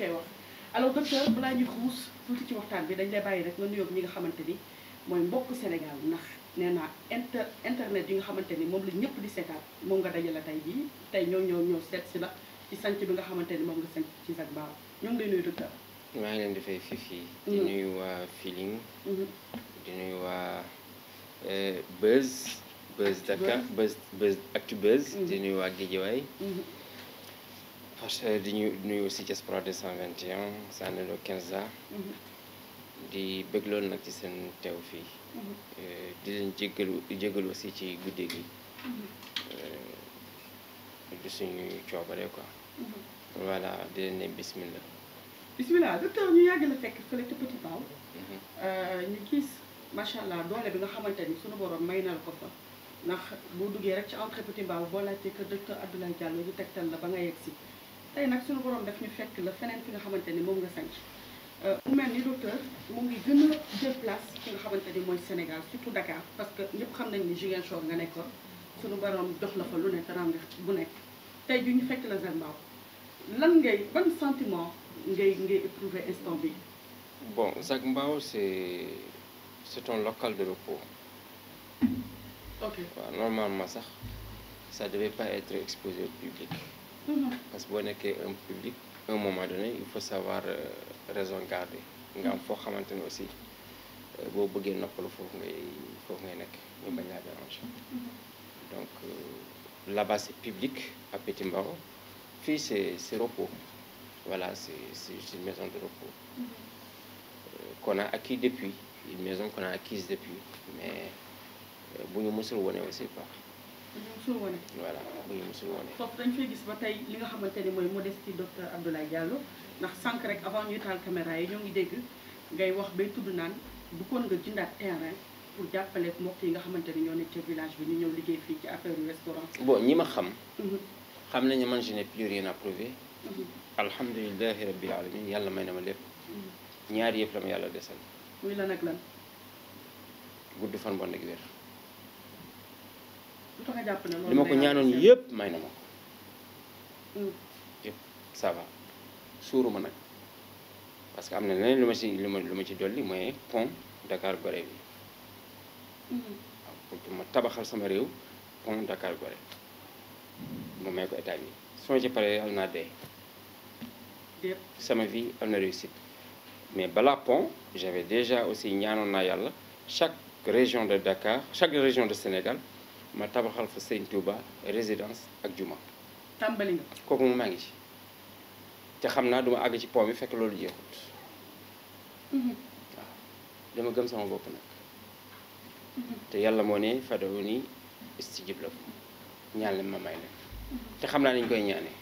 koy wax alors docteur balaa ñuy xuus tuuti ci waxtaan bi dañ lay bàyyi rek nga nuyoog ñi nga xamante ni mooy mbokk Sénégal ndax nee naa inter internet yi nga xamante ni moom la ñëpp di seetaan moom nga dajale tey jii tey ñoo ñoo ñoo seet si la ci sanc bi nga xamante ni moom nga sanc ci Zac Mbao ñoo ngi lay nuyu docteur. maa ngi leen di fay fifi mhm. di nuyu waa Feeling. Mhm. di nuyu waa euh, Buzz. Buzz Dakar Buzz Actu Buzz. Mhm. di nuyu waa Guédiawaye. Eh, di ñu nuyu aussi diaspora 221 Sanelo Kenza mm-hmm. di bëgg loolu nag ci seen teew fii mm-hmm. eh, di leen jégalu jégalu aussi ci guddi gi mm-hmm. eh, du suñu coobare ko voilà di leen ne bismillah bismillah docteur ñu yàgg la fekk fële te Petit ñu gis macha allah doole bi nga xamante ni suñu borom may na la ko fa ndax boo duggee rek ci entrée Petit Mbao boo laajtee kër docteur Abdoulaye Diallo ñu tegtal la ba nga yegg si tey nag suñu borom def ñu fekk la feneen fi nga xamante ni moom nga sanc euh, mu mel ni docteur mu ngi gën a jël fi nga xamante ni mooy Sénégal surtout Dakar parce que ñëpp xam nañ ni Ziguinchor nga nekkoon suñu borom jox la fa lu ne teranga bu nekk tey ju ñu fekk la Zembaaw lan ngay ban sentiment ngay ngay éprouver instant bi bon Zac Mbao c'est c'est un local de repos ok normalement sax ça devait pas être exposé au public Mm-hmm. parce que boo nekkee un public un moment donné il faut savoir euh, raison garder nga am mm-hmm. foo xamante ne aussi euh, boo bëggee noppalu foofu ngay foofu ngay nekk ñu bañ laa déranger mm-hmm. donc euh, là-bas c'est public à Petit Mbao fii c'est c'est repos voilà c'est c'est juste maison de repos qu'on a acquis depuis une maison qu'on a acquise depuis mais bu ñu mësul wone aussi pas musul wone voilà bu ñu musul wone foofu dañ fay gis ba tey li nga xamante ni mooy modestie docteur Abdoulaye Diallo ndax sànq rek avant ñuy taal caméra yi ñoo ngi dégg ngay wax bay tudd naan bëggoon nga jëndaat terrain pour jàppale mbokk yi nga xamante ni ñoo nekk ci village bi ñu ñëw liggéey fii ci affaire restaurant bon ñi ma xam mhm. xam nañu man je n'ai plus rien à prouver mhm. alhamdulilahi rabbil alamin yàlla may na ma lépp mhm. ñaari yëpp la ma yàlla desal muy la nag lan gudd fan bon ak li ma ko ñaanoon yëpp may na ma ko mm. yëpp ça va suuru ma nag parce que am na leneen lu ma ci lu ma ci dolli mooy pont Dakar Gorée bi mm-hmm. ma tabaxal sama réew pont Dakar Gorée ma may ko état bi soo ci paree am naa dee sama vie am na réussite mais balaa pont j'avais déjà aussi ñaanoon naa yàlla chaque région de Dakar chaque région de Sénégal ma tabaxal fa Sëñ Touba résidence ak juma. tàmbali nga. kooku moom maa ngi ci te xam naa duma àgg ci pont bi fekk loolu jeexut mhm. waaw dama gëm sama bopp nag mhm. te yàlla moo ne fadawu ni istijib la ko ma may leen mhm. te xam naa ni koy ñaanee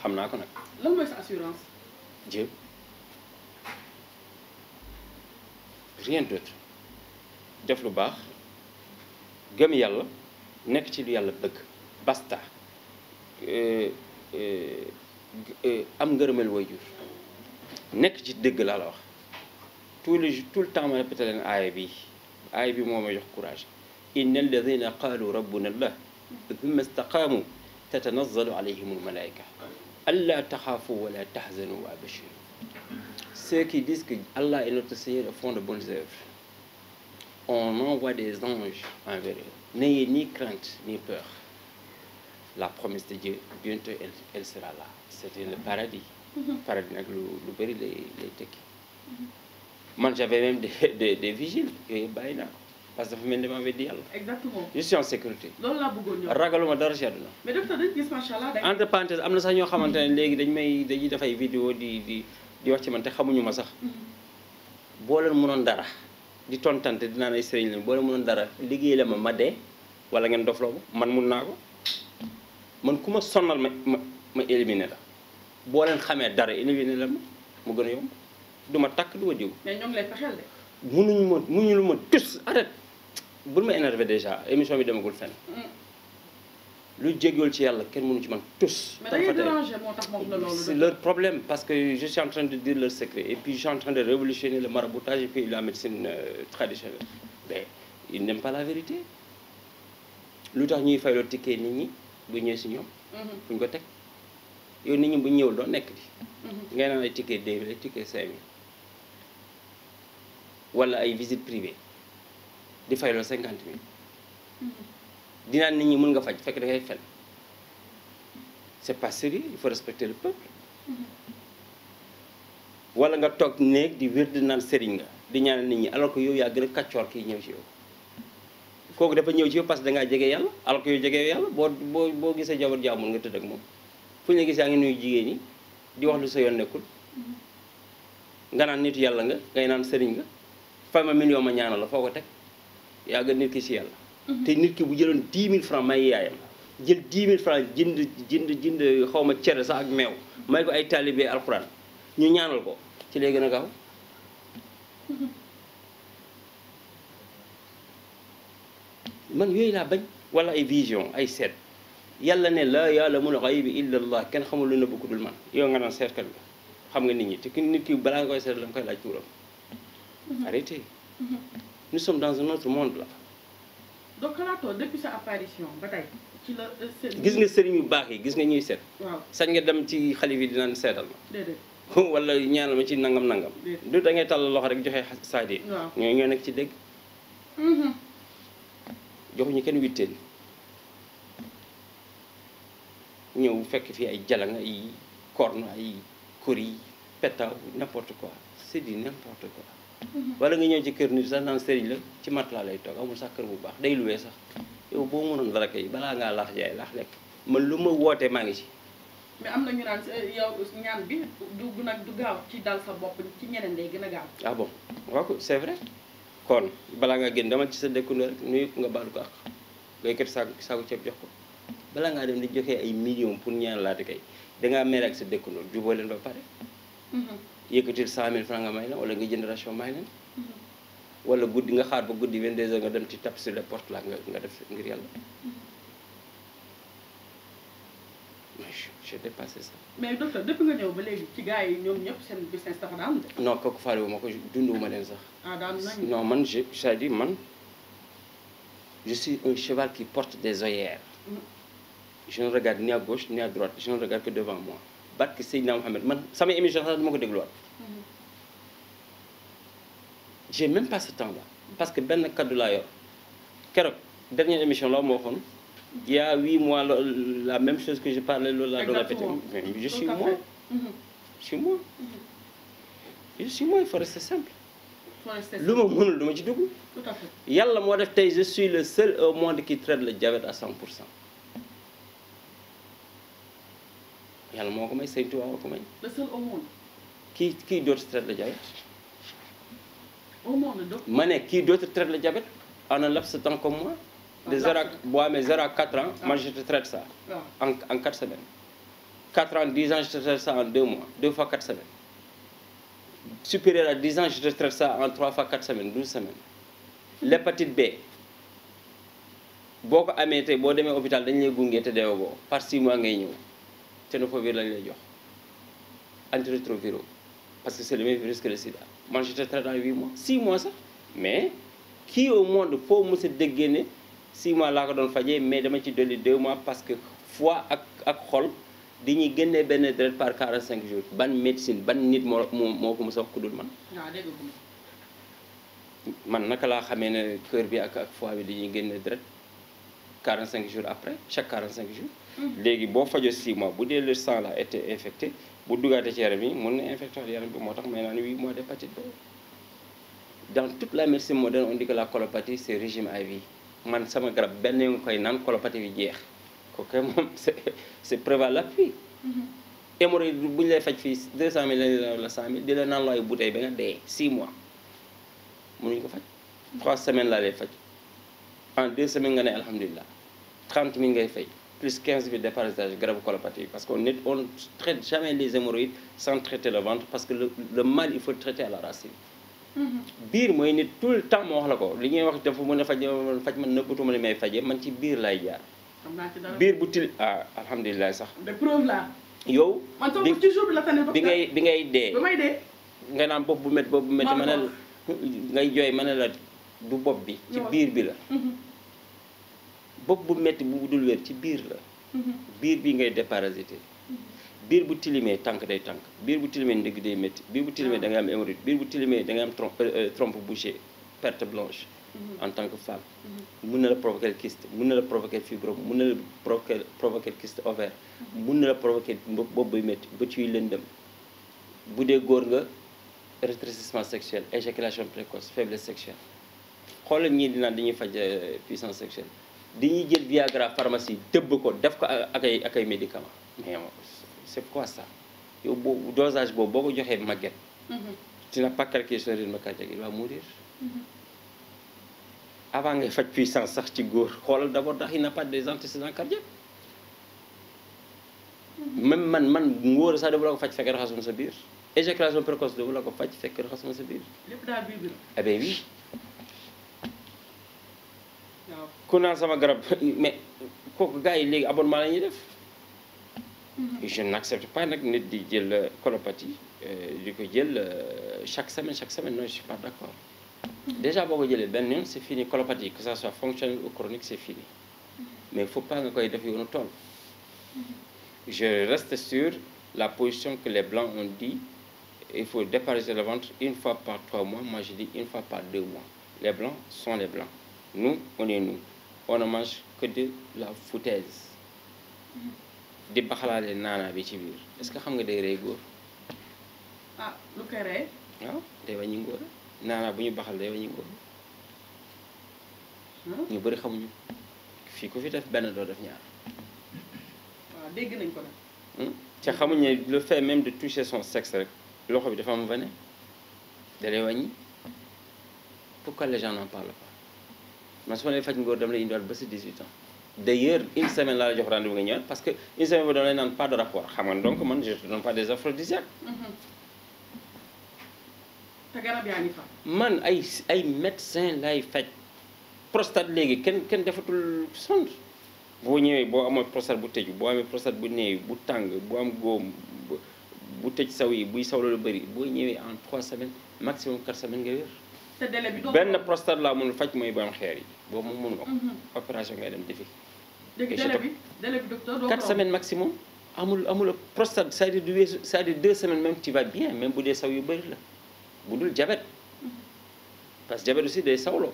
xam naa ko nag. lan mooy sa assurance. Dieu rien d'autre def lu baax. gëm yàlla nekk ci lu yàlla bëgg basta euh, euh, euh, am ngërëmal waajur nekk ci dëgg laa la wax tout le tout le temps ma répété leen aaya bi aaya bi moo ma jox courage inna alladina qaalu rabbuna allah thumma istaqaamu tatanazzalu alayhim almalaika alla taxaafu wala tahzanu wa abashiru ceux qui disent que Allah est notre Seigneur font de bonnes œuvres on envoie des anges envers eux. N'ayez ni ni peur. La promesse de Dieu, bientôt elle, elle sera là. C'était le paradis. Mhm. paradis nag lu lu bëri lay lay tekki. Mhm. man j'avais même des des des vigiles yooyu bàyyi naa parce que dafa mel ni dama weddi yàlla. exactement je suis en sécurité. loolu laa bëggoon ñëw ragaluma dara ci àdduna. mais docteur dañu gis entre parenthèses am na sax ñoo xamante ne léegi dañ may dañuy def ay di di di ci man xamuñu ma sax. Mhm. boo leen mënoon dara. di tontante dinaan ay sëriñ lañ boo leen mënoon dara liggéey la ma ma dee wala ngeen dofloo ma man mun naa ko man ku ma sonal ma ma ma éliminé la boo leen xamee dara éliminé la ma mu gën a yomb du ma takk du ma jiw. mais ñoom lay fexeel de. munuñu ma munuñu ma tus arrête ma énervé déjà émission bi demagul fenn. Mm. lu jéggiwul ci yàlla kenn mënu ci man tous. mais dañuy déranger moo tax moom la problème parce que je suis en train de dire leur secret et puis je suis en train de révolutionner le maraboutage et puis la médecine euh, traditionnelle mais ils n'aiment la vérité lu tax ñuy fayloo tikkee nit ñi bu ñëwee si ñoom. Mhm. fu ko teg yow nit ñi bu ñëwul doo nekk di. Mhm. ngay naan ay ticket 2000 ay ticket 5000 wala ay visite privée di fayloo 50 000. dinaan nit ñi mën nga faj fekk dangay fen c'est pas sérieux il faut respecter le peuple wala nga toog néeg di wér di naan sëriñ nga di ñaanal nit ñi alors que yow yaa gën a kàccoor kii ñëw ci yow kooku dafa ñëw ci yow parce que dangaa jege yàlla alors que yow jege yàlla boo boo boo gisee jabar jaamul nga tëdd ak moom fu ñu la gisee yaa ngi nuyu jigéen ñi di wax lu sa yoon nekkul nga naan nit yàlla nga ngay naan sëriñ nga fay ma million ma ñaanal la foo ko teg yaa gën Mm-hmm. te nit ki bu jëloon 10 mille francs may yaayam jël 10 000 francs jënd jënd jënd xaw ma cere sax ak meew may ko ay taalibe alxuraan ñu ñaanal ko ci lay gën a gaaw mm-hmm. man yooyu laa bañ wala ay vision ay seet yàlla ne la ya'lamul ghayba illa Allah kenn xamul lu nëbb ku dul man yow nga naan seetkat bi xam nga nit ñi te ki nit ki balaa nga koy seet la koy laaj tuuram mm-hmm. arrêtez nous sommes dans un autre monde là donc xalaatoo sa apparition ba tey euh, gis nga sëriñ bu baax yi gis nga ñuy seet. waaw sañ nga dem ci xale bi dina seetal ma. déedéet. wala ñaanal ma ci nangam nangam. du da ngay tàll loxo rek joxe saadi. waaw ñoo ñoo nekk ci dégg. Mm-hmm. joxuñu kenn witteen ñëw fekk fii ay jalan ay corne ay kori pétaw n'importe quoi c'est du n'importe quoi. wala nga ñëw ci kër nit sax naan sëriñ la ci mat laa lay toog amul sax kër bu baax day luwee sax yow boo mënoon dara kay balaa ngaa laax jaay laax lekk man lu ma wootee maa ngi ci. mais am na ñu naan eh, yow bi du nag du ci dal sa bopp ci ñeneen day gën a gaaw. ah bon waaw c'est vrai kon balaa ngaa génn dama ci sa dëkkandoo nga baalu ko ak ngay kër ceeb jox ko balaa ngaa dem di joxe ay millions pour ñaan laata kay dangaa mer ak sa dëkkandoo juboo leen ba pare. Mm-hmm. yëkkatil cent mille francs nga may la wala nga jënd ration may leen mm-hmm. wala guddi nga xaar ba guddi 22 heures nga dem ci tap sur les portes la nga def ngir yàlla mm-hmm. j'ai dépassé ça. mais docteur depuis nga ñëw ba léegi ci gars yi ñoom ñëpp seen business dafa no am faale wu ma ko dundu wu ma leen sax. ah daa man je cest di dire man je suis un cheval qui porte des œillères. Mm-hmm. je ne regarde ni à gauche ni à droite je ne regarde que devant moi. barke Seydina Mohamed man sama émission sax ko dégluwaat. j'ai même pas ce temps là parce que benn kaddu laa yor keroog dernière émission la ma waxoon il y huit mois la même chose que je parlais loolu laa doon répété mais je suis moi mhm. je suis moi je suis moi il faut rester simple lu ma mënul du ma ci dugg yàlla moo def tey je suis le seul au monde qui traite le diabète à cent pour cent yàlla moo ko may sëñ Tuubaa ko may. le kii kii d'autre traite le diabète. ma ne kii d'autre traite le jabet en un laps de temps comme moi. de 0 à boo amee 0 à 4 ans ah. man je te traite ça. Ah. en en 4 semaines. 4 ans 10 ans je te traite ça en 2 mois 2 fois 4 semaines. supérieur à 10 ans je te traite ça en 3 fois 4 semaines 12 semaines. l'hépatite B. boo ko amee tey boo demee hôpital dañu lay gunge te deewee boo par 6 mois ngay ñëw. tenofovir lañ lay jox antirétroviraux parce que c'est le même virus que le sida man j'étais traité dans huit mois six mois sax mais kii yow monde foo mos a déggee ne six mois laa ko doon fajee mais dama ci dolli deux mois parce que fois ak ak di ñuy génnee benn deret par cinq jours ban médecine ban nit moo moo ko mos a wax ku dul man. man naka laa xamee ne kër bi ak ak foie bi ñuy génne deret cinq jours après chaque 45 jours. Mhm. léegi boo fajo 6 mois bu dee le sang la été infecté bu duggaatee ci yaram bi mun na infecté yaram bi moo tax may naan 8 mois d'hépatite B dans toute la médecine moderne on dit que la colopathie c'est man sama garab benn nga naan colopathie bi jeex kooku moom c'est c'est prévalable fii mhm. hémorroïde lay faj fii 200000 la la 100000 di la naan looy bouteille ba nga mois mënuñu ko faj 3 mhm. semaines laa lay faj en 2 semaines nga ne alhamdulilah 30000 ngay fay. plus 15 000 départages graves colopathie. Parce qu'on ne traite jamais les hémorroïdes sans traiter le ventre, parce que le, le mal, il faut le la racine. Mm-hmm. biir mooy nit tout le temps ma wax la ko li ñuy wax dafa mën a faj faj man nëbbutuma li may fajee man ci biir lay jaar. biir bu til ah alhamdulilah sax. de preuve la. yow. man bi ngay bi ngay dee. ba may dee. nga naan bopp bu métti bopp bu métti. ma ngay jooy ma la du bopp bi. ci biir bi la. Mm-hmm. bopp bu metti bu dul wér ci biir la mhm. biir bi ngay déparasité mhm. biir bu tilimee tànk day tànk biir bu tilimee ndigg day métti biir bu tilimee ah. da ngay am hémorroïde biir bu tilimee da ngay am trompe euh, trompe bouchée perte blanche mhm. en tant que femme mun na la provoquer kyste mun na la provoquer fibrome mun na la provoquer provoquer kyste ovaire mun na la provoquer bopp buy métti bët yuy lëndëm bu dee góor nga rétrécissement sexuel éjaculation précoce faiblesse sexuelle xoolal ñii di naan dañuy faj euh, puissance sexuelle di ñuy jël Viagra pharmacie dëbb ko def ko ak ay ak ay médicament mais c'est quoi ça yow boobu dosage boobu boo ko joxee màgget mm-hmm. dina pas calculer son rythme cardiaque il va mourir mm-hmm. avant ngay faj puissance sax ci góor xoolal d'abord ndax il n'a pas des antécédents cardiaques mm-hmm. même man man ngóor sax dama la ko faj fekk raxasuma sa biir éjaculation précoce dama la ko faj fekk raxasuma sa biir lépp daal ku naan sama garab mais kooku gars yi léegi abonnement la ñuy def mhm. je n'accepte pas nag nit di jël colopathie euh, di ko jël euh, chaque semaine chaque semaine non je suis pas d'accord mhm. déjà boo ko jëlee benn yoon c'est fini colopathie que ça soit fonctionnel ou chronique c'est fini mhm. mais il faut pas nga koy def yoonu tool je reste sur la position que les blancs ont dit il faut déparasiter le ventre une fois par trois mois moi je dis une fois par deux mois les blancs sont les blancs Nous, on est nous. On que de la foutaise. Mm-hmm. di baxalaale naanaa bi ci biir est-ce que xam nga day rey góor. Ah, lu koy rey. Ah, day wàññi ngóor naanaa bu ñu baxal day wàññi ngóor. Hmm? ñu bëri xamuñu fii ku fi def benn doo def ñaar. waaw dégg nañ ko nag. Hmm? te xamuñ ne le fait même de toucher son sexe rek loxo bi dafa am venin da lay wàññi pourquoi les gens n'en parlent pas. man su ma nee faj ngóor dama lay indiwaat ba sa 18 ans d'ailleurs une que une semaine ba dama lay naan pas de man je mm-hmm. ay ay médecin lay faj prostate léegi kenn kenn defatul sonde boo ñëwee boo amoon prostate bu tëju boo amee prostate bu néew bu tàng bu am góom bu tëj saw yi buy saw lu bëri boo ñëwee en 3 semaines maximum 4 semaines nga wér. te délai bi benn prostate laa mënul faj mooy borom xeer yi boobu moom mën nga ko. Mhm. opération ngay dem defi. léegi délai bi délai bi docteur doo 4 semaines maximum amul amul prostate c'est-à-dire du weesu c'est-à-dire 2 semaines même tu vas bien même bu dee saw yu bëri la bu dul jabet. Mhm. parce que jabet aussi day sawloo.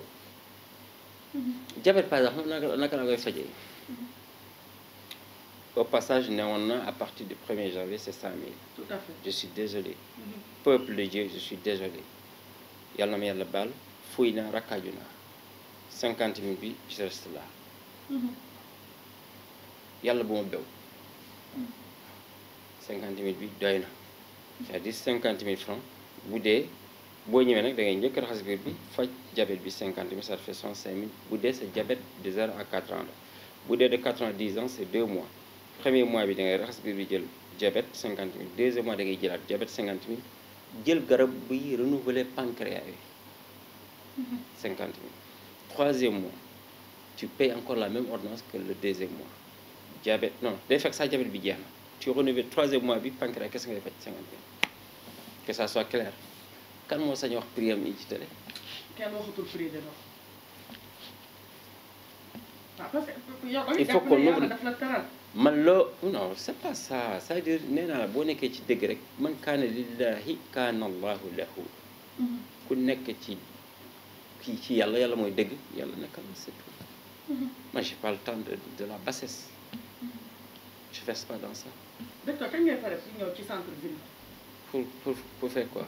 Mhm. jabet par exemple naka naka la koy fajee. au passage newoon na à partir du 1er janvier c'est 5000. tout à fait je suis désolé. peuple de Dieu je suis désolé. yàlla ma yàlla baal fuy naa rakkaaju naa cinquante mille bi ci reste là mhm. yàlla bu ma bew mhm. cinquante mille bi doy na c'est-à-dire cinquante mille francs bu dee boo ñëwee nag da ngay njëkk raxas biir bi faj diabète bi cinquante mille ça fait soixante-cinq mille bu dee sa diabète de zéro à quatre ans la dee de quatre ans à dix ans c'est deux mois premier mois bi da ngay raxas biir bi jël diabète cinquante mille deuxième mois da ngay jëlaat diabète cinquante mille jël garab buy renouveler pancréas yi mhm. cinquante mille troisième mois tu payes encore la même ordonnance que le deuxième mois diabète non day fekk sa diabète bi jeex na tu renouveler troisième mois bi pancréas kese ngay faj cinquante mille que ça soit clair kan moo sañ wax prix am yi ci télé man loo non c'est pas ça nee naa boo nekkee ci dëgg rek man kaana lillahi kaana allahu lahu mm-hmm. ku nekk ci kii ci yàlla yàlla mooy dëgg yàlla nekkal na c'est tout man mm-hmm. j'ai de la bassesse mm-hmm. je verse pas dans ça docteur kañ ngay pare si ñëw ci centre ville pour pour pour faire quoi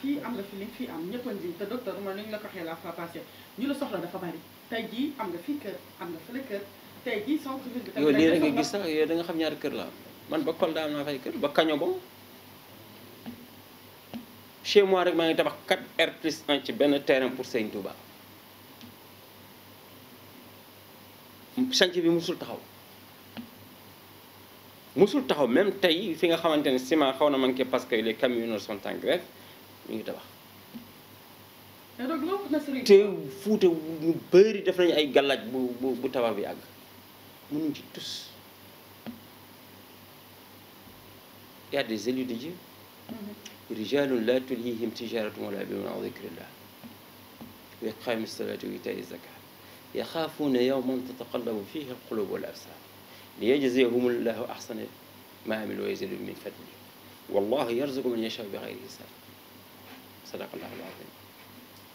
fii am nga fi li fii am ñëppan ji te docteur ma ni ñu la ko waxee la fois passée ñu la soxla dafa bari tey jii am nga fii kër am nga fële tey lii rek nga gis sax yow da nga xam ñaari kër la man ba Kolda am naa fay kër ba Kañobo. chez moi rek maa ngi tabax 4 R plus 1 ci benn terrain pour Sëñ Touba. chantier bi musul taxaw musul taxaw même tey fi nga xamante ne ciment xaw na manqué parce que les camionneurs son en grève ñu ngi tabax. te fuute ñu bëri def nañu ay gàllaaj bu bu bu tabax bi àgg. mënuñ ci tous y a des élus de Dieu mhm. rijalun la tulhihim tijaratun wala bimun an dicrillah wa iqaami salati wa itai zaka yaxaafuuna yawman tataqallabu fihi alqulub wal absar liyajziyahum allahu ahsana ma amilu wa yazidu min fadli wallahu yarzuqu man yashaa bi xayri hisab sadaqallahu alazim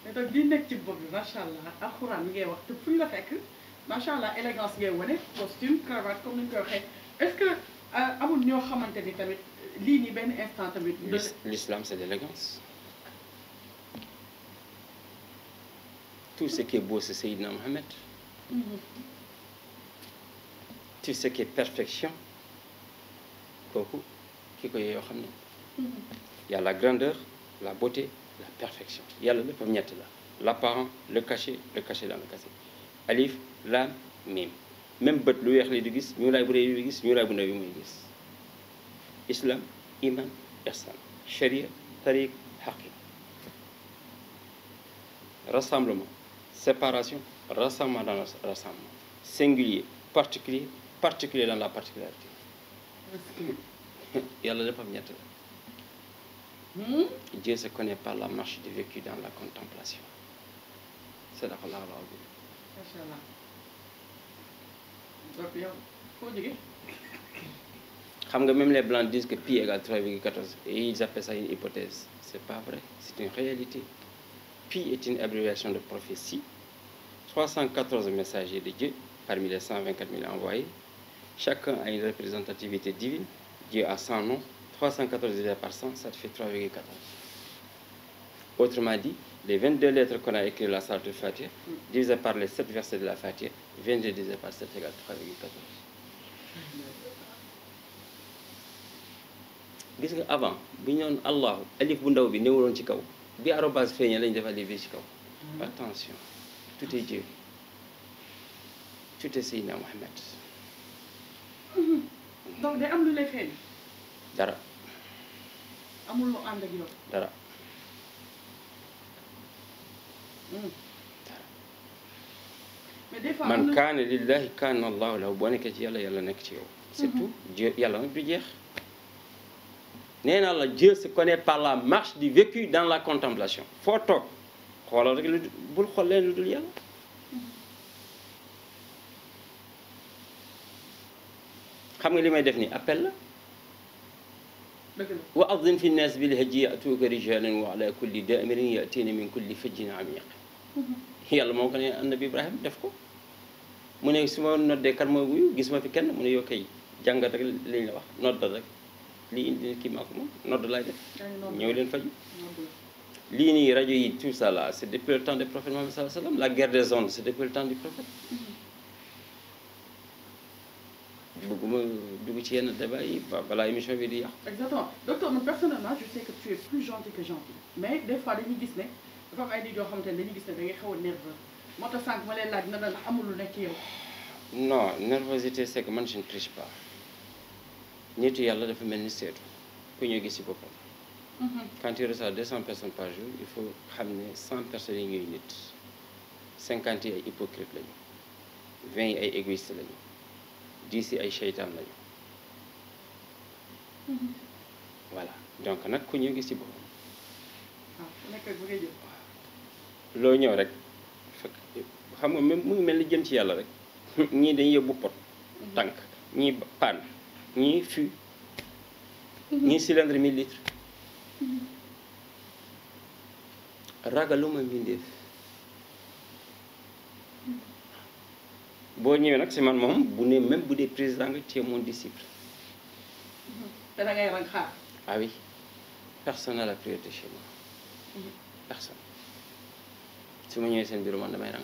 mais donc di nekk ci bopp bi macha allah alxuraan mi ngay wax te fu ñu la fekk macha allah élégance ngay wane costume cravate comme ni ñu koy waxee est-ce que euh, amul ñoo xamante ni tamit lii benn instant tamit. l'islam c'est l'élégance. tout ce qui est beau c'est Seydina Mohamed. Mm-hmm. tout ce qui perfection kooku ki ko yoo xam ne. Mm-hmm. y a la grandeur la beauté la perfection yàlla léppam ñett la l'apparent le caché le caché dans le caché. alif lam mim même bët lu weex li di gis ñu laay bu rëy bi gis ñu laay gis islam iman ihsan sharia tariq haqiq rassemblement séparation rassemblement dans le rassemblement singulier particulier dans la particularité yàlla dafa hmm? se connaît par la marché de vécu dans la contemplation c'est la macha allah donc yow foo jógee. xam nga même les blancs disent que pi égale 3,14 et ils appellent ça une hypothèse c'est pas vrai c'est une réalité pi est une abréviation de prophétie 314 messagers de Dieu parmi les 124 000 envoyés chacun a une représentativité divine Dieu a 100 noms 314 divisé par 100 ça te fait 3,14 autrement dit les 22 lettres qu'on a écrites dans la Salatul Fatiha, divisé par les 7 versets de la Fatiha, 22 divisé par 7 égale 3,14. gis nga avant bu ñoon allahu alif bu ndaw bi néewuloon ci kaw bi arobase feeñee lañu def alif bi ci kaw mhm. attention tout est Dieu tout est Seydina Mohamed mhm. am lu lay feeñ dara dara man kaana lillahi kaana allahu lahu boo nekkee ci yàlla yàlla nekk ci yow surtout mm-hmm. Dieu yàlla nag jeex nee naa la Dieu se connaît par la marche du vécu dans la contemplation photo toog xoolal rek lu bul xool leen nga li may def ni appel la wa adin fi nnaas bil hajji yatuuka rijalan wa ala kulli yatina min kulli fajjin amiq yàlla moo ko ne annabi Ibrahima def ko mu ne su ma noddee kan mooy wuyu gis ma fi kenn mu ne yow kay jàngat rek liñ la wax noddal rek lii indi nit ki maa ko moom nodd laay def ñëw leen faju lii nii rajo yi tout ça là c' est depuis le temps du prophète Mohammed sallallahu alayhi wa sallam la guerre des ondes c' depuis le temps du prophète bëgguma dugg ci yenn de yi balaa émission bi di yàq exactement docteur man personnellement je sais que tu es plus gentil que gentil mais des fois dañuy gis ne dafa am ay nit yoo xamante ne dañuy gis ne a nerveux moo tax sànq ma leen laaj na la amul lu nekk yow. non nervosité c'est que man je ne triche pas nitu yàlla dafa mel ni seetu ku ñuy gis ci boppam. Mm-hmm. quand tu reçois 200 personnes par jour il faut xam ne cent personnes yi ñuy nit 50 yi ay hypocrite lañu 20 yi ay égoïste lañu 10 yi ay seytaan lañu. Mm-hmm. voilà donc nag ku ñu gis ci boppam. Ah, loo ñëw rek xam nga même mu ngi mel ni jëm ci yàlla rek ñii dañuy yóbbu pot tànk ñii paan ñii fût mhm. ñii cylindre mille litres mhm. ragaluma mbindeef boo ñëwee nag si man moom bu ne même bu dee président nga tu es mon disciple. Mhm. te da ngay rag xaar. ah personne la priorité chez personne. si ma ñëwee seen bureau man damay rang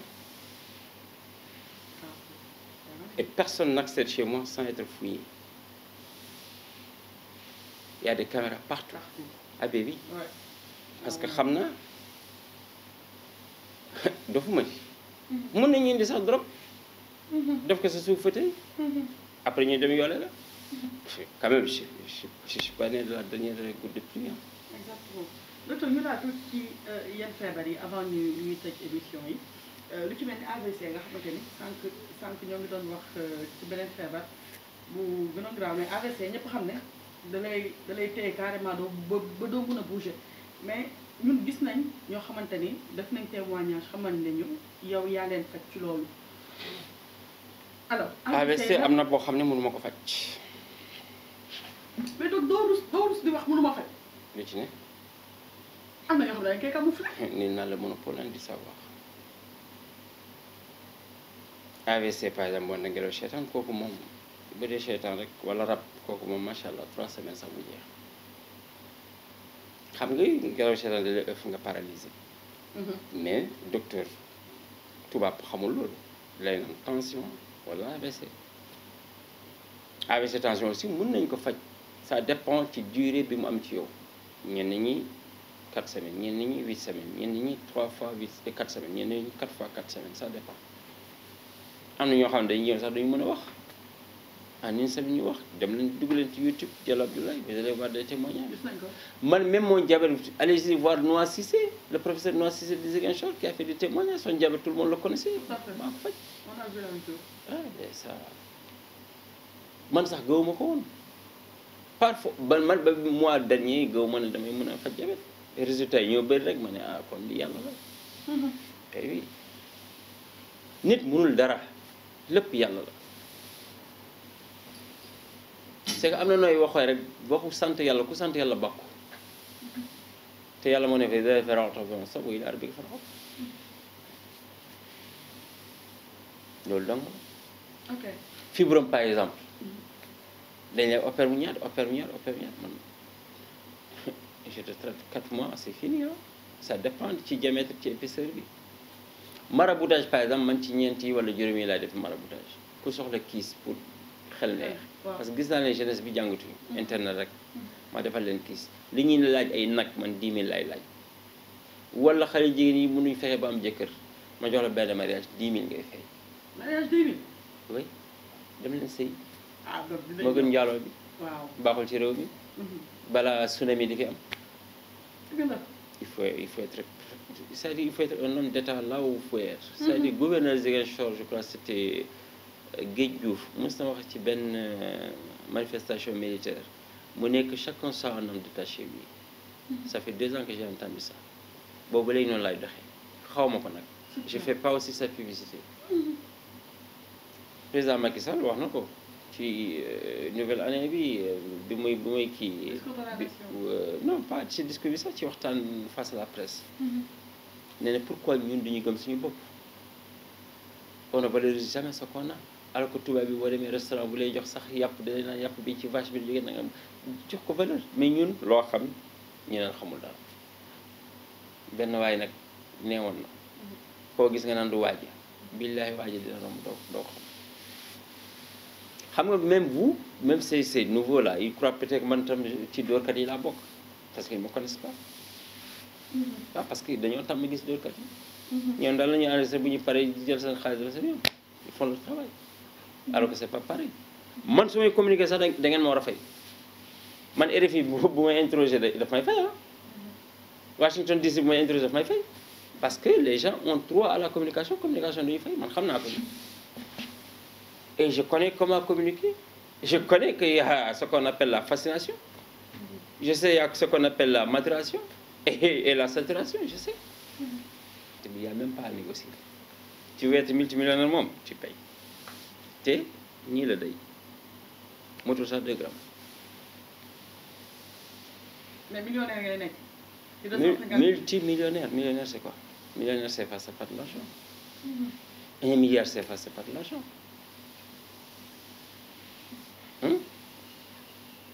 ah. et personne n'accède chez moi sans être fouillé il y a partout à ah parce que ah. xam na dofuma ci mën mm-hmm. nañu indi sax drop mm-hmm. def ko sa suuf fauteuil mm-hmm. après ñu dem yoole la quand même je je je suis pas de la dernière docteur ñu laa tuuti ci euh, yenn yi avant ñu ñuy tëj émission yi euh, lu ci mel ni AVC nga sànq sànq ñoo ngi doon wax euh, ci beneen feebar bu gënoon graaw ñëpp xam ne da da lay téye carrément doo ba ba doo mën a mais ñun gis nañ ñoo xamante ni def nañ témoignage xamal ne ñu yow yaa leen faj ci loolu alors. AVC am na boo xam ne mënu ma ko faj. mais donc doo rus doo rus di wax mënu ma faj. ci am na ñoo xam eh, n'a le monopole du savoir AVC par exemple war na ngelaw seetaan kooku moom bu dee seetaan rek wala rab kooku moom macha allah trois semaines sax mu jeex xam nga ngelaw seetaan da lay ëff nga paralysé. Mhm. mais docteur tubaab xamul loolu lay naan tension wala AVC. AVC tension aussi mën nañ ko faj sa dépend ci durée bi mu am ci yow ñenn ñi. 4 semaine ñenn ñi 8 semaines ñenn ñi 3 fois 8 et 4 semaines ñenn ñi 4 fois 4 semaines ça dépend am na ñoo xam ne dañuy ñëw sax duñu mën a wax en une semaine ñu wax dem leen dugg leen ci YouTube Diallo Abdoulaye vous allez man même mon jabar allez-y voir Noa Cissé le professeur Noa Cissé de Ziguinchor qui a fait des témoignages son jabar tout le monde le connaissait ah, man sax gëwuma ko woon parfois ba man ba mois dernier gëw ma ne damay mën a faj jabar résultat yi ñoo bëri rek ma ne ah kon li yàlla la eh nit mënul dara lépp yàlla la c'est que am na nooy waxee rek waxu sant yàlla ku sant yàlla bakku te yàlla moo ne fa da feraxto bon sa buy laar bi feraxo loolu dong ok fibrome par exemple mm-hmm. dañ lay opère mu ñaata opère mu ñaata man je te traite 4 mois c'est fini ah ça ci diamètre ci épaisseur bi maraboutage par exemple man ci ñeenti wala juróomi laa def maraboutage ku soxla kiis pour xel neex ah, parce gis naa ne jeunesse bi jàngatuñ mm-hmm. internet rek mm-hmm. ma defal leen kiis li ñuy laaj ay nag man 10 000 laay laaj wala xale jigéen yi mënuñ fexe ba am jëkkër ma jox la benn mariage 10 000 ngay fay. mariage 10 000. oui dem leen sëy. ah moo gën njaaloo bi. baaxul ci réew mi. Mm-hmm. balaa tsunami di fi am. il faut il faut être c'est-à-dire il faut être un homme d'État là où être mhm. cest dire gouverneur Ziguinchor je crois c'était euh, Guèye Diouf mos wax ci benn euh, manifestation militaire mu nekk chacun soit un homme d'État chez lui mhm. ça fait deux ans que j'ai entendu ça boobu léegi noonu laay doxee xawma ko nag je fais pas sa publicité mhm. président Macky Sall wax na ko ci euh, nouvelle année bi bi muy bi kii euh, non pas ci discours bi sax ci waxtaan face à la presse mhm. nee na pourquoi ñun duñu gëm suñu bopp on ne valorise jamais ce a alors que tubaab bi bu lay jox sax yàpp da naan yàpp bi ci vache bi jógee na nga jox ko valeur mais ñun loo xam ñu neen xamul dara benn waay nag neewoon na koo mhm. gis nga naan du waaja billaahi waaja dina romb doo xam xam nga même vous même ces ces nouveaux là ils croient peut man tam ci door yi la bokk parce que ils me connaissent mm-hmm. ah, parce que dañoo tam gis dóorkat yi mm-hmm. ñoom daal la ñuy enregistré bu ñu paree jël seen xaalis dafa seen yoon ils font le travail mm-hmm. alors que c'est pas pareil man su may communiquer sax da ngeen ma war a fay man RFI bu bu may interroger daf may fay ah. Washington DC bu may interroger daf may fay parce que les gens ont droit à la communication communication dañuy fay man xam naa ko e je connais comment communiquer. Je connais qu'il y a ce qu'on appelle la fascination. Je sais qu'il y a ce la maturation et, la saturation, je sais. Mais il n'y pas à négocier. Tu veux être multimillionnaire, même, tu payes. Tu ni le deuil. Montre ça 2 grammes. Mais millionnaire, il y a Multimillionnaire. Millionnaire, c'est quoi Millionnaire, c'est face à pas de milliard, c'est face à pas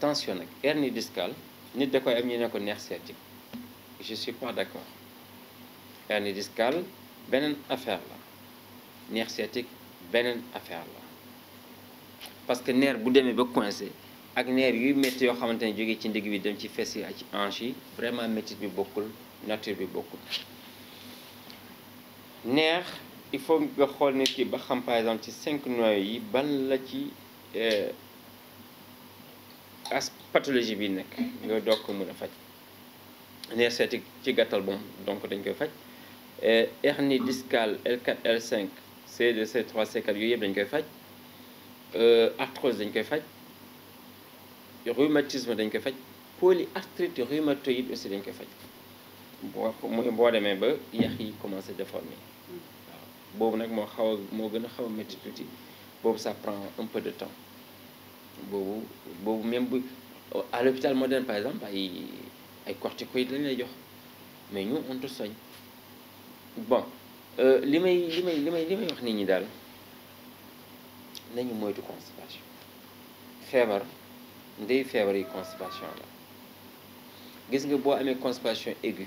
tension nag hernie discale nit da koy am ñu ne ko nerf sciatique je suis pas d'accord hernie discale beneen affaire la nerf sciatique beneen affaire la parce que neer bu demee ba coincé ak neer yuy métti yoo xamante ne jógee ci ndigg bi dem ci fes ak ci hanche yi vraiment métti bi bokkul nature bi bokkul nerf il faut nga xool nit ki ba xam par exemple ci cinq noyaux yi ban la ci euh, as pathologie bi nekk nga doog ko mën a faj nerf ci gàttal bon donc dañ koy faj eh, hernie discale L4 L5 C2 C3 C4 yooyu yëpp dañ koy faj eh, arthrose dañ koy faj rhumatisme dañ koy faj polyarthrite rhumatoïde aussi dañ koy faj boo boo demee ba yax yi commencé déformé hmm. boobu nag moo xaw moo gën a xaw a métti tuuti boobu ça prend un peu de temps boobu boobu même bu à l'hôpital moderne par exemple ay ay corticoïdes lañ lay jox mais ñu on te soigne bon euh, li may li may li may li may wax nit ñi daal nañu moytu constipation feebar ndey feebar yi constipation la gis nga boo amee constipation aiguë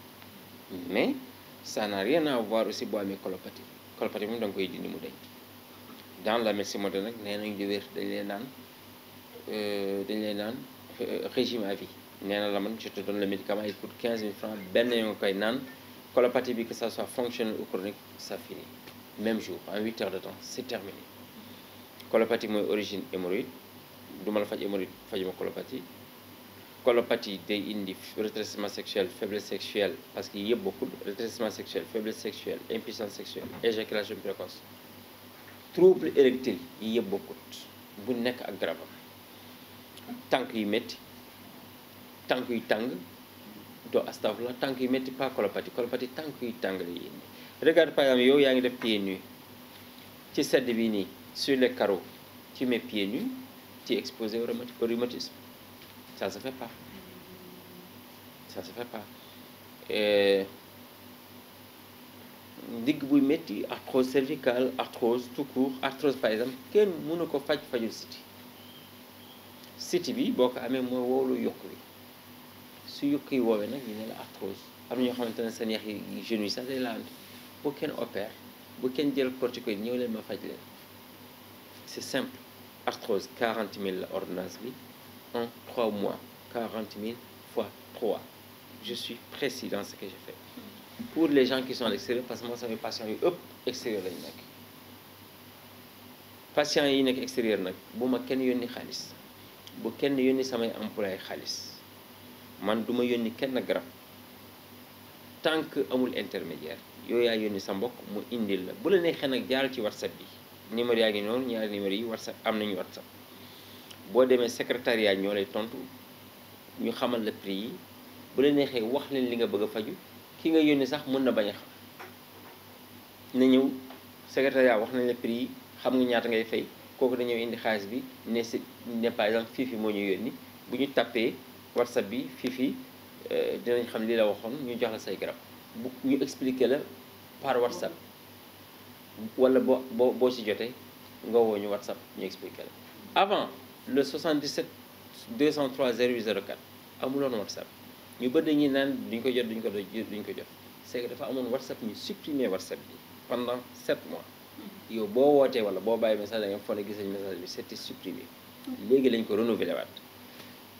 mais ça n'a rien à voir aussi boo amee colopathie colopathie moom da nga koy dindi mu deñ dans la médecine moderne nag nee nañ di wér dañ leen naan euh, dañ leen naan euh, régime à vie nee na la man je te donne le médicament il coûte 15 000 benn yoo nga koy naan colopathie bi que ça soit fonctionnel ou chronique ça finit même jour en 8 heures de temps c'est terminé colopathie mooy origine hémorroïde du la faj hémorroïde fajuma colopathie colopathie day indi rétrécissement sexuel faiblesse sexuelle parce que yëpp bokkul rétrécissement sexuel faiblesse sexuelle impuissance sexuelle éjaculation précoce trouble érectile yi yëpp bokkut bu nekk ak garabam tànk yu métti tànk yu tàng doo astafurlah tànk yu métti pas colopathie colopathie tànk yu tàng la yéen regarde par exemple yow yaa ngi def pieds nus ci sedd bi nii sur les carreaux ci mets pieds ci tu exposé au rhumatisme Ça ne se fait pas. Ça fait pas. ndigg buy metti arthrose cervicale arthrose tout court arthrose par exemple kenn mënu ko faj fajul siti siti bi boo ko amee mooy woolu yokk wi su yokk yi woowee nag ñu ne la arthrose am ñoo xamante ne seen yax yi genoux yi sax day laante bu kenn opère bu kenn jël corticoïde ñëw leen ma faj leen c'est simple arthrose 40 000 la ordonnance bi en trois mois quarante 000 fois trois je suis précis dans ce que je fais pour les gens qui sont à l'extérieur parce que man samay patients yu ëpp extérieur lañu nekk patients yi nekk extérieur nag bu ma kenn yónni xaalis bu kenn yónni samay employé xaalis man du ma yónni kenn garab tant que amul intermédiaire yow yaa yónni sa mbokk mu indil la bu la neexee nag jaaral ci whatsapp bi numéro yaa ngi noonu ñaari numéro yi whatsapp am nañu whatsapp boo demee secrétariat ñoo lay tontu ñu xamal la prix yi bu la neexee wax leen li nga bëgg a faju ki nga yónni sax mën na bañ a xam na ñëw secrétariat wax nañ la prix yi xam nga ñaata ngay fay kooku dañoo indi xaalis bi ne si ne par exemple fii fi moo ñu yónni bu ñu tappee whatsapp bi fii fii fi euh, dinañ xam li la waxoon ñu jox la say garab bu ñu explique la par whatsapp wala boo boo boo si jotee nga woo ñu whatsapp ñu expliquer la le 77 203 0804 amuloon WhatsApp ñu bëri dañuy naan duñ ko jot duñ ko duñ ko jot c'est que dafa amoon WhatsApp ñu supprimer WhatsApp bi pendant 7 mois yow boo wootee wala boo bàyyi message da nga foog ne gis nañ message bi c'était supprimé léegi lañ ko renouvelé waat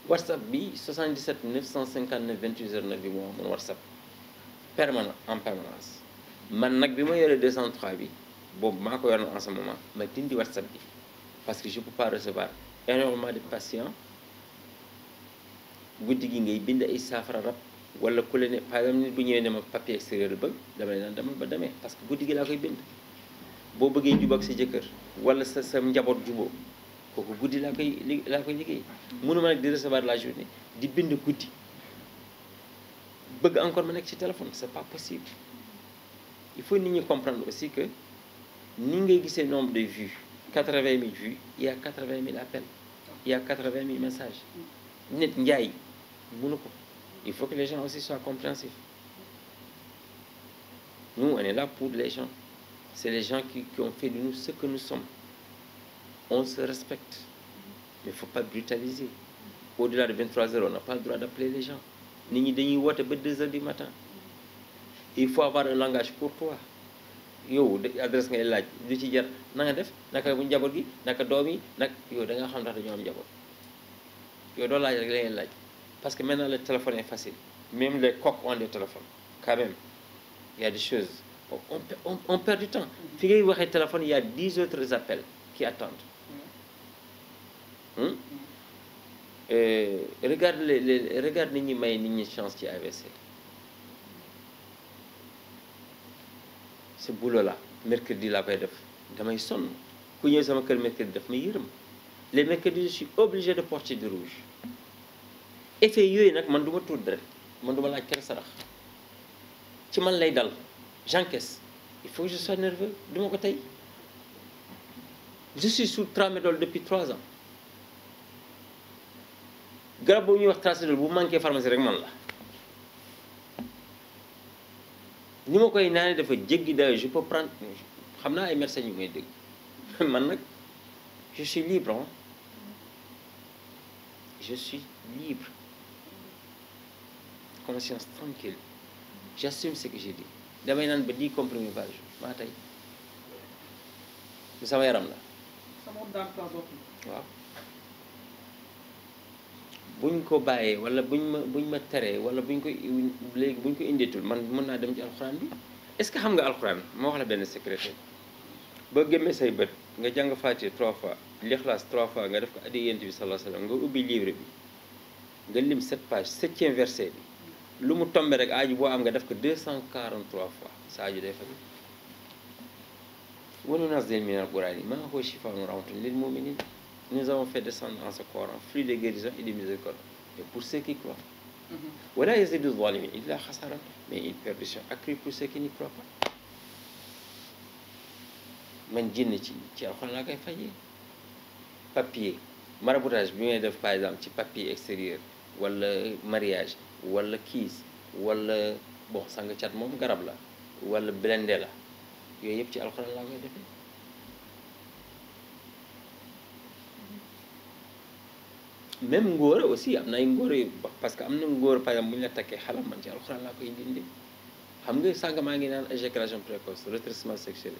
WhatsApp bi 77 959 28 09 bi moo amoon WhatsApp permanent en permanence man nag bi ma yore 203 bi boobu maa ko yoroon en ce moment ma dindi WhatsApp bi parce que je peux pas recevoir. énormément de patients guddi gi ngay bind ay saafara rab wala ku la ne par nit bu ñëwee ne ma papier extérieur bëgg damay naan demal ba demee parce que guddi gi laa koy bind boo bëggee jub ak sa jëkkër wala sa sa njaboot juboo kooku guddi laa koy laa liggéey mënuma nag di recevoir la journée di bind guddi bëgg encore ma nekk ci téléphone c'est pas possible il faut nit ñi comprendre aussi que ni ngay gisee nombre de vues 80 vingt vues il y a 80 000 appels il y a 80 000 messages nit njaay mënu ko il faut que les gens aussi soient compréhensifs nous on est là pour les gens c'est les gens qui, qui ont fait de nous ce que nous sommes on se respecte mais faut pas brutaliser au-delà de 23 heures on n'a pas le droit d'appeler les gens nit ñi dañuy woote ba 2 heures du matin il faut avoir un langage courtois yow adresse ngay laaj lu ci jar na nga def naka bu njaboot gi naka doom yi nag yow da nga xam ndax dañoo am njaboot yow doo laaj rek la laaj parce que maintenant le téléphone est facile même les coqs ont des téléphones quand même il y a on per on perd du temps fi ngay waxee téléphone ya y a dix autres appels qui attendent hmm? hmm. Et euh, regarde les, les regarde nit ñi may nit ñi chance ci AVC ce boulot là mercredi laa koy def damay sonn ku ñëw sama kër mercredi daf may yërëm les mercredis je suis obligé de porter du rouge effet yooyu nag man du ma tuur deret man du laa laaj kenn sarax ci man lay dal j'encaisse il faut que je nerveux du ko tey je su sous tramadol depuis trois ans garab boobu ñuy wax tramadol bu manqué pharmacie rek man la ñu ma koy naanee dafa jéggi dayo je peux prendre xam naa ay médecins ñu may dégg man nag je suis libre hein je suis libre conscience tranquille j'assume ce que j'ai dit damay naan ba 10 comprimés par jour maa tey sama yaram la. sama buñ ko bàyyee wala buñ ma buñ ma teree wala buñ ko léegi buñ ko indeetul man mën naa dem ci alxuraan bi est-ce que xam nga alxuraan moo wax la benn secrétaire boo gémmee say bët nga jàng Faatiha trois fois Lixlaas trois fois nga def ko addi yent bi sallallahu alayhi wasallam nga ubbi livre bi nga lim sept page septième verset bi lu mu tombe rek aaju boo am nga def ko 243 fois sa aaju day faju wa nunazzil minal qur'ani ma huwa shifaa'un wa rahmatun lil mu'minin nous avons fait descendre en ce Coran flux de guérison et de miséricorde. Et pour ceux qui croient. Mhm. Voilà, ils étaient Il a khasara, mais une perdition accrue pour ceux qui n'y man jinn ci ci alxuraan laa koy fajee papier maraboutage bi ngay def par exemple ci papier extérieur wala mariage wala kiis wala bon sang cat moom garab la wala blende la yooyu yëpp ci alxuraan laa koy defee même ngóor aussi am na ay ngóor yu parce que am na ngóor par exemple bu ñu la takkee xalam man ci alxuraan laa xam nga sànq maa ngi naan éjaculation précoce rétrécissement sexuel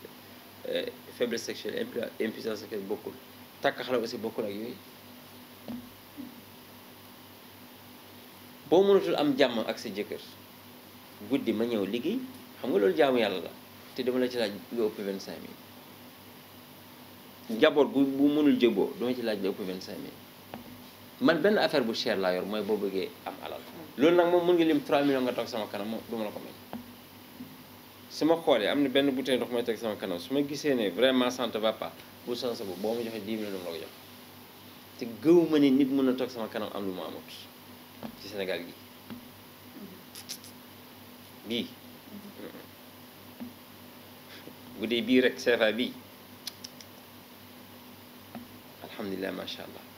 euh, faiblesse sexuelle impuissance sexuelle bokkul takk xalam aussi bokkul ak yooyu boo mënatul am jàmm ak si jëkkër guddi ma ñëw liggéey xam nga loolu jaamu yàlla la te dama la ci laaj lu ëpp vingt cinq mille njaboot bu bu mënul jëboo dama ci laaj lu ëpp vingt cinq man benn affaire bu cher laa yor mooy boo bëggee am alal loolu nag moom mun nga lim 3 millions nga toog sama kanam moom du ma la ko may su ma xoolee am na benn bouteille ndox mooy teg sama kanam su ma gisee ne vraiment ça ne te va pas bu sensé bu boo ma joxee 10 millions dama la ko jox te gëw ma ni nit mun na toog sama kanam am lu ma amut ci Sénégal gi bii bu dee bii rek CFA bii alhamdulilah macha allah.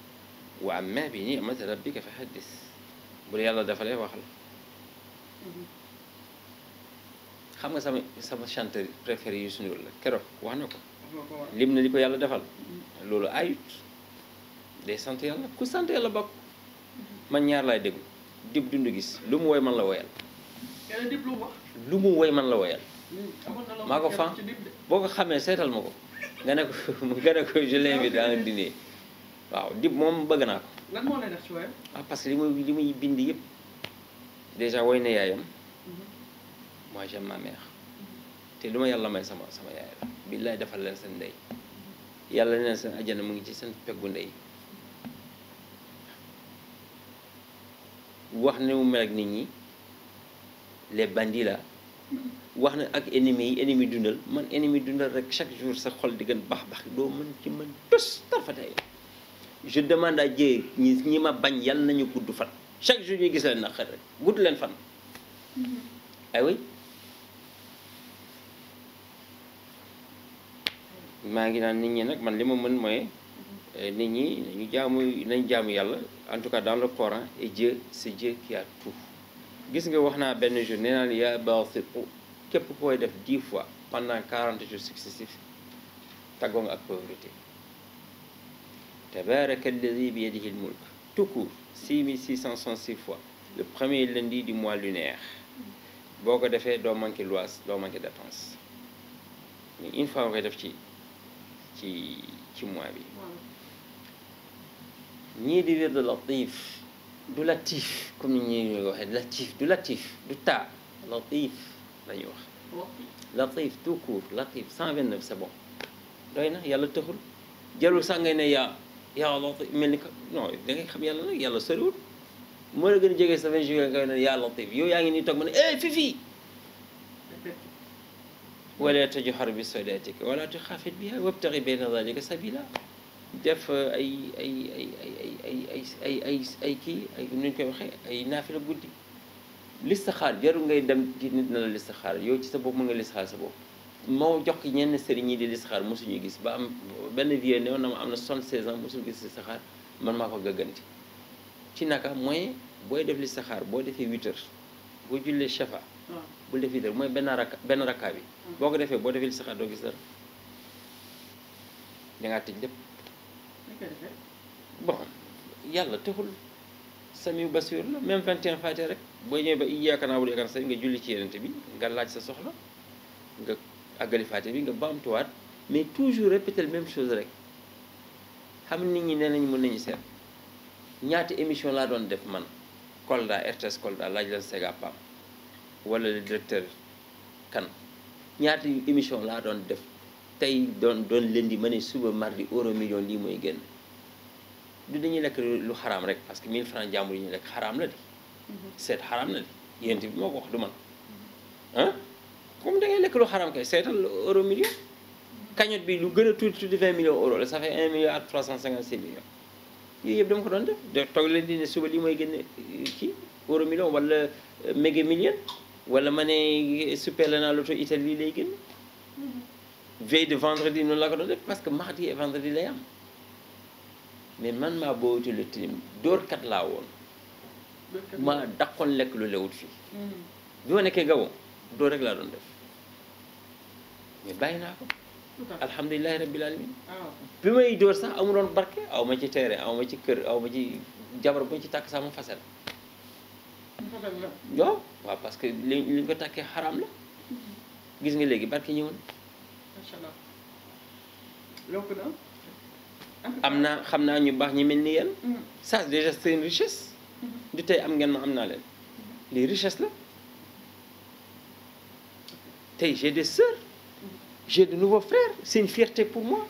waa amma bi ni'mati rabbika fa haddis bu la yàlla dafa lay wax la xam nga sama sama chante préféré Youssou Ndour la keroog wax na ko lim na li ko yàlla defal loolu ayut de sant yàlla ku sant yàlla bokk man ñaar laay déglu dib dund gis lu mu woy man la woyal lu mu woy man la woyal maa ko fan boo ko xamee seetal ma ko nga ne ko nga ne ko je l'invite à un dîner waaw dib moom bëgg naa ko. lan moo lay ah, parce que li muy li muy bind yëpp déjà woy na yaayam. Mhm. mois j'aime ma mère. te lu ma yàlla may sama sama yaay la. billaay defal leen seen ndey. yàlla nee na seen ajana mu ngi ci seen peggu ndey. wax ne mu mel nit ñi les bandits la wax na ak ennemis yi ennemis dundal man ennemi dundal rek chaque jour sa xol di gën baax baax doo mën ci mën tos tarfatay je demande à Dieu ñi ma bañ yàlla nañu gudd fan chaque jour ñu gis leen naqar rek gudd leen fan mm-hmm. ay ah oui maa ngi naan nit ñi nag man li ma mën mooy eh, nit ñi nañu jaamu nañ jaamu yàlla en tout cas dans le Coran et Dieu c'est Dieu qui a tout gis nga wax naa benn jour nee naa ne yaa basitu képp koy def dix fois pendant quarante jours successifs taggoo nga ak pauvreté tabaraka alladi bi yadihi l mulk tout court 6666 fois le premier lundi di mois lunaire boo ko defee doo manqué loise doo manqué dépense mais une fois def ci ci ci mois bi ñii di wird latif du latif comme ni ñuy waxee latif du latif du taa latif la ñuy wax latif tout court latif 129 c'est bon doy yàlla latif mel ni que non da ngay xam yàlla yàlla soriwul moo la gën a jege sa vingt juillet nga ne yàlla latif yow yaa ngi nii toog ma ne eh fifi wala tajhar bi salaatika wala tuxaafit biha wabtaxi bayna dalika sabila def uh, ay ay ay ay ay ay ay ay ay kii ay nu ñu koy waxee ay naafila guddi listixaar jarul ngay dem ci nit na la listixaar yow ci sa bopp mu nga listixaar sa bopp moo jox ki ñenn sëriñ yi di listixaar mosuñu gis ba am benn vieux néew na ma am na 76 ans mosul gis listixaar man maa ko gëgganti ci naka mooy booy def saxaar boo defee 8 boo jullee shafa bul def 8 heures mooy benn raka benn rakkaa bi mm. boo ko defee boo defee listixaar doo gis dara dangaa tëj lépp yàlla texul samiu basir la même 21 fatiha rek boo ñëwee ba iyyaka na'budu wa iyyaka nasta'in nga julli ci yenente bi nga laaj sa soxla àggali faate nga baamtuwaat mais toujours répéter la même rek xam nit ñi ne nañ mën nañu seet ñaata émission laa doon def man Kolda RTS Kolda laaj leen Sega Pam wala le directeur kan ñaata émission laa doon def tey doon doon lundi ma ne suba mardi euro million lii mooy génn du dañuy lekk lu xaram rek parce que 1000 francs jàmbur yi ñu lekk xaraam la di mm-hmm. seet xaram la di yéen bi moo ko wax du man ah moom da ngay lekk lu xaram kay seetal euro million cagnotte bi lu gën a tuuti tuuti 20 millions euro la ça fait 1 milliard 356 millions yooyu yëpp dama ko doon def toog leen di ne suba li mooy génne euh, kii euro million wala euh, méga million wala ma ne euh, la naa loto Italie lay génne mm-hmm. veille de vendredi noonu laa ko doon def parce que mardi et vendredi lay am mais man maa booyatu le tilim dóorkat laa woon maa daqoon lekk lu lewut fii mm-hmm. laa doon mais bàyyi naa ko alhamdulilahi rabbil alamin ah, bi may dóor sax amuloon barke aw ma ci terrain aw ma ci kër aw ma ji jabar bu ci takk sax ma fasel waaw waaw parce que li li ko tàkkee xaraam la gis nga léegi barke ñëwoon am na xam naa ñu baax ñi mel ni yéen mm-hmm. ça déjà c'est une richesse mm-hmm. du tey am ngeen ma am naa leen mm-hmm. lii richesse la tey j'ai des sœurs j'ai de nouveaux frères c'est fierté pour moi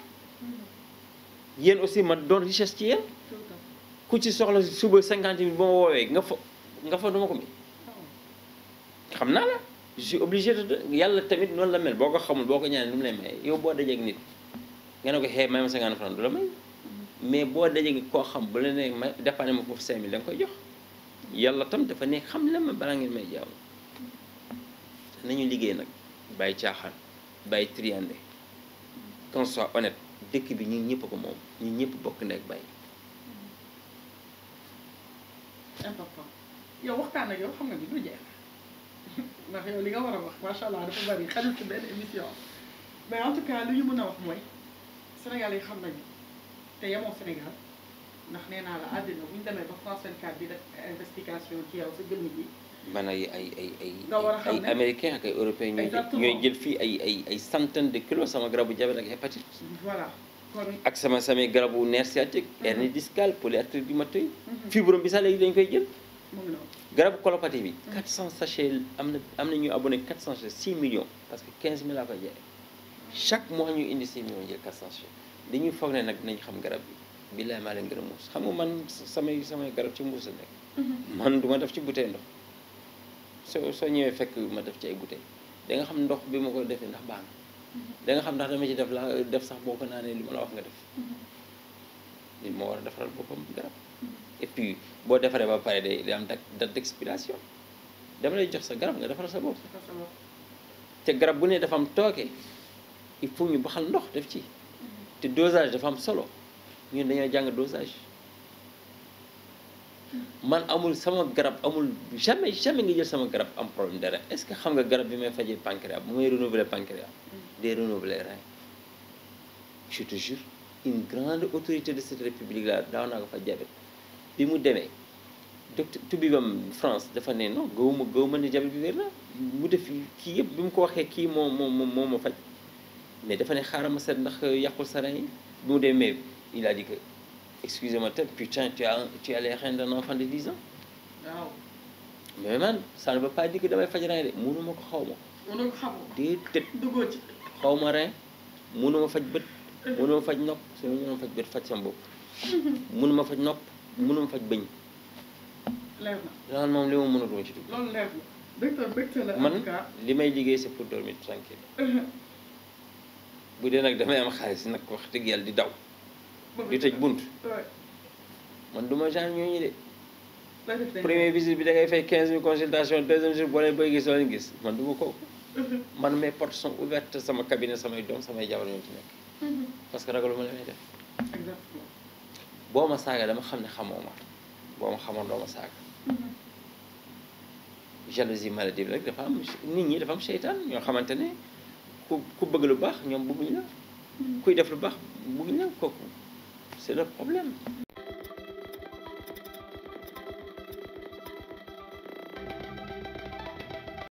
yéen aussi ma doon richesse ci yéen ku ci soxla suba cinquante mille ba ma woowee nga fa nga fa duma ko mi xam naa la je suis obligé yàlla tamit noonu la mel boo ko xamul boo ko ñaanee lu mu lay may yow boo dajeeg nit nga ne ko xee may ma cinquante francs du la may mais boo dajeeg koo xam bu la nee ma dépanne ma foofu cinq mille da koy jox yàlla tam dafa ne xam la ma balaa ngeen may jaamu nañu liggéey nag bàyyi caaxaan bay triandé qu'on soit honnête dëkk bi ñun ñëpp ko moom ñun ñëpp bokk nekk bay. important yow waxtaan ak yow xam nga ni du jeex ndax yow li nga war a wax macha allah dafa bari xajul ci benn émission mais en tout cas lu ñu mën a wax mooy Sénégal yi xam nañu te yemoo Sénégal ndax nee naa la àddina bu ñu demee ba France 24 bi def investigation ci yow sa gëmm ji. man ay ay ay ay ay américain ak ay européen ñooy ñooy jël fii ay ay ay centaine de kilo sama garabu diabète ak hépatite voilà ak sama samay garabu nerf sciatique mhm. hernie discale polyarthrite du matin mhm. fibrome bi sax léegi dañ koy jël garabu colopathie bi 400 mhm. sachets am na am na ñu abonné cent sachets 6 millions parce que quinze 000 laa koy chaque mois ñu indi 6 millions jël 400 sachets dañuy foog ne nag nañ xam garab bi billaay maa leen gën a muus xam nga man samay samay garab ci mbuus la nekk man du ma def ci bouteille ndox so soo ñëwee fekk ma def ci ay bouteille danga xam ndox bi ma ko defee ndax baax na da nga xam ndax dama ci def la def sax boo ko naanee li ma la wax nga def mm-hmm. moo war a defaral boppam garab et puis boo defaree ba pare day day am date d'expiration dama lay jox sa garab nga defaral sa bopp te garab bu ne dafa am tooke il faut ñu baxal ndox def ci mm-hmm. te dosage dafa am solo ñun dañoo jàng dosage man amul sama garab amul jamais jamais nga jël sama garab am problème dara est-ce que xam nga garab bi may fajee pancréas bu may renouveler pancréas day renouveler rein je te jure une grande autorité de cette république là daaw naa ko fa jabet bi mu demee docteur tubibam France dafa ne non gëwuma gëwuma ne jabet bi na mu def kii yëpp bi mu ko waxee kii moo moo moo ma faj mais dafa ne xaaral ma set ndax yàqul sa rein yi bi mu demee excusez-moi, putain, tu as, tu as les reins d'un enfant de 10 ans. waaw. mais man ça ne veut pas damay faj rein de mënuma ko xaw ma. mënuma ko xaw ma déedéet. xaw ma rein mënuma faj bët. mënuma faj nopp su ma mënuma faj bët faj sama bopp. mënuma faj nopp mënuma faj bëñ. leer na daal moom li ma mënul ci dugg. man li may liggéey c'est pour dormir tranquille bu dee nag damay am xaalis nag wax dëgg yàlla di daw. di tëj bunt man du ma genre ñooñu de premier visite bi da ngay fay quinze mille consultation deuxième jour boo leen bay gis loo leen gis man du ma kooku mm-hmm. man mes portes sont ouvertes sama cabinet samay doom samay jabar ñoo ci nekk mm-hmm. parce que ragalu ma la may def boo ma saaga dama xam ne xamoo ma boo ma xamoon doo ma saaga mm-hmm. jalousie maladive rek dafa am nit ñi dafa am seytaan ñoo xamante ne ku ku bëgg lu baax ñoom bëgguñu la kuy def lu baax bëgguñu la kooku C'est le problème.